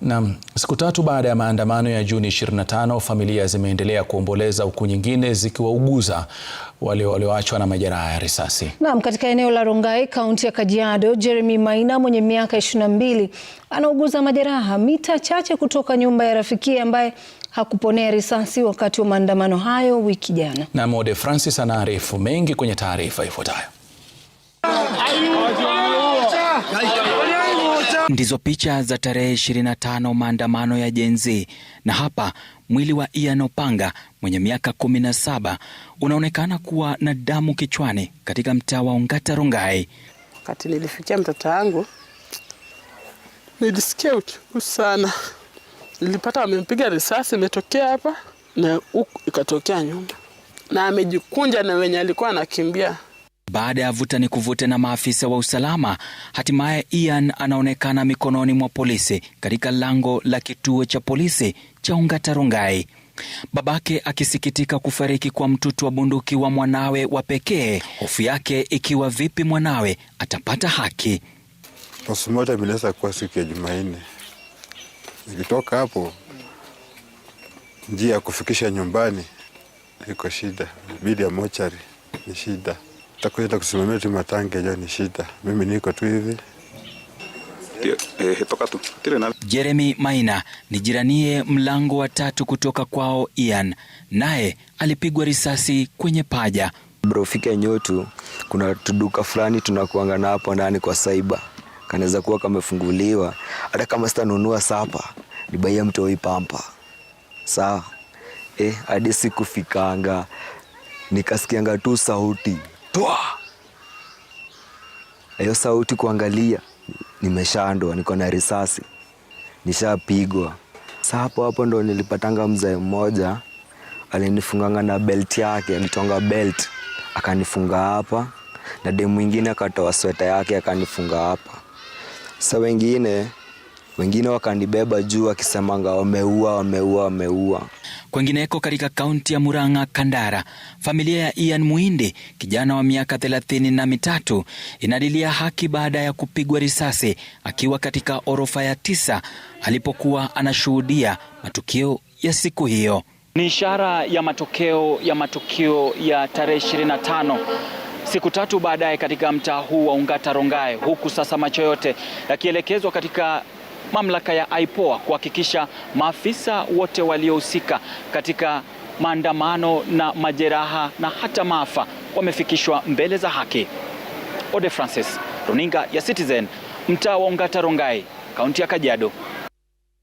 Na siku tatu baada ya maandamano ya Juni 25, familia zimeendelea kuomboleza huku nyingine zikiwauguza wale walioachwa na majeraha ya risasi. Naam, katika eneo la Rongai, kaunti ya Kajiado, Jeremy Maina mwenye miaka 22 anauguza majeraha mita chache kutoka nyumba ya rafiki ambaye hakuponea risasi wakati wa maandamano hayo wiki jana. Na Mode Francis anaarifu mengi kwenye taarifa ifuatayo. Ndizo picha za tarehe 25 maandamano ya Gen Z, na hapa mwili wa Ian Opanga mwenye miaka 17 unaonekana kuwa na damu kichwani katika mtaa wa Ongata Rongai. Wakati nilifikia mtoto wangu nilisikia uchungu sana, nilipata wamempiga risasi imetokea hapa na huku ikatokea nyuma, na amejikunja na wenye alikuwa anakimbia baada ya vuta ni kuvute na maafisa wa usalama, hatimaye Ian anaonekana mikononi mwa polisi katika lango la kituo cha polisi cha ungatarungai babake akisikitika kufariki kwa mtutu wa bunduki wa mwanawe wa pekee, hofu yake ikiwa vipi mwanawe atapata haki. osumota minaweza kuwa siku ya Jumanne, nikitoka hapo njia ya kufikisha nyumbani iko shida, bidi ya mochari ni shida takuenda kusimamia timu ya ni shida. Mimi niko tu hivi. Eh, Jeremy Maina nijiranie mlango wa tatu kutoka kwao. Ian naye alipigwa risasi kwenye paja. fika nyotu, kuna tuduka fulani tunakuanga na hapo ndani kwa saiba, kanaweza kuwa kamefunguliwa. Hata kama sitanunua sapa, nibaia mtoi pampa sawa. Eh, hadi sikufikanga nikasikianga tu sauti Pwa! Hiyo sauti kuangalia, nimeshandwa, niko na risasi, nishapigwa. Sa hapo hapo ndo nilipatanga mzee mmoja alinifunganga na belt yake, alitonga belt akanifunga hapa, na demu mwingine akatoa sweta yake akanifunga hapa. Sa wengine wengine wakanibeba juu wakisemanga wameua, wameua, wameua. Kwengineko katika kaunti ya Murang'a Kandara, familia ya Ian Muinde, kijana wa miaka thelathini na mitatu, inadilia haki baada ya kupigwa risasi akiwa katika orofa ya tisa alipokuwa anashuhudia matukio ya siku hiyo. Ni ishara ya matokeo ya matukio ya tarehe tano siku tatu baadaye katika mtaa huu wa ungata rongae huku sasa macho yote yakielekezwa katika mamlaka ya IPOA kuhakikisha maafisa wote waliohusika katika maandamano na majeraha na hata maafa wamefikishwa mbele za haki. Ode Francis, runinga ya Citizen, mtaa wa Ongata Rongai, kaunti ya Kajiado.